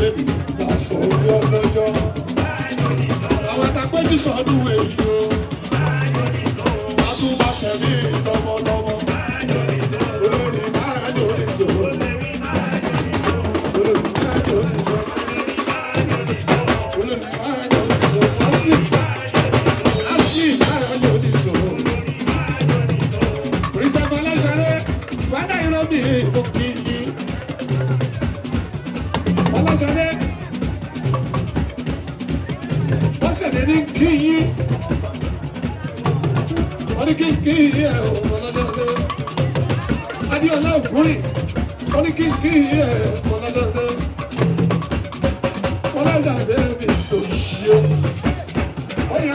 bèbí wọ́n sọ orí ọlọ́jọ́. àwọn àtàkọ́jú sọdún èyí o. àtúbàṣẹ mi tọmọtọmọ. olórí máa jó ní sòrò. olórí máa jó ní sòrò. olórí máa jó ní sòrò. àti máa jó ní sòrò. Reserve Aláṣẹ́rẹ́, Fádà Irọ́bì, Òkè. Ọ̀ṣọ́dé. Wọ́n ṣẹ̀lẹ̀ ní kí yín. Wọ́n ní kí n kí yín ẹ̀ o ọ̀lọ́dọ̀dọ̀. Adéọlá Ògúnrìn. Wọ́n ní kí n kí yín ẹ̀ o ọ̀lọ́dọ̀dọ̀. Wọ́n lájà bẹ́ẹ̀ mi tó ṣe. Wọ́n yẹ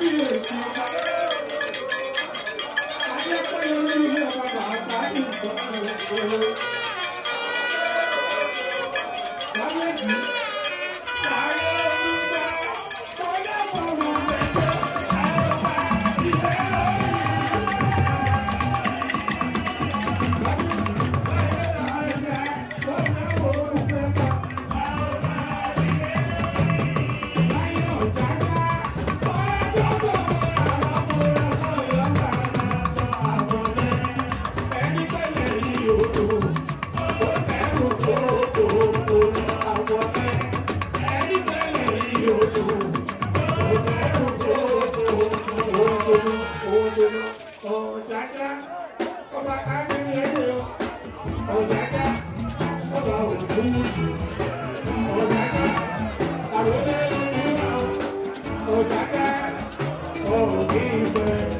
别插手，俺家还有女人，俺家有孩子。王元吉。Oh, okay, fair.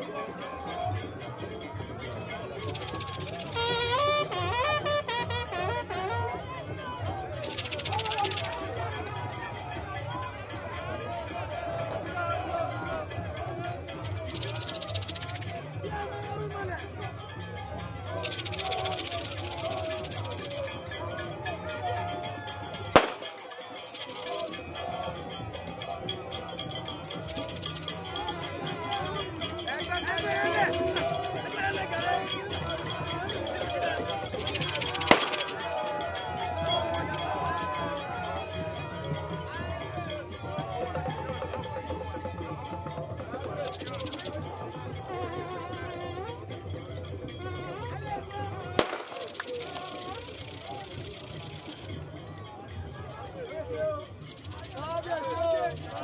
何 Thank you.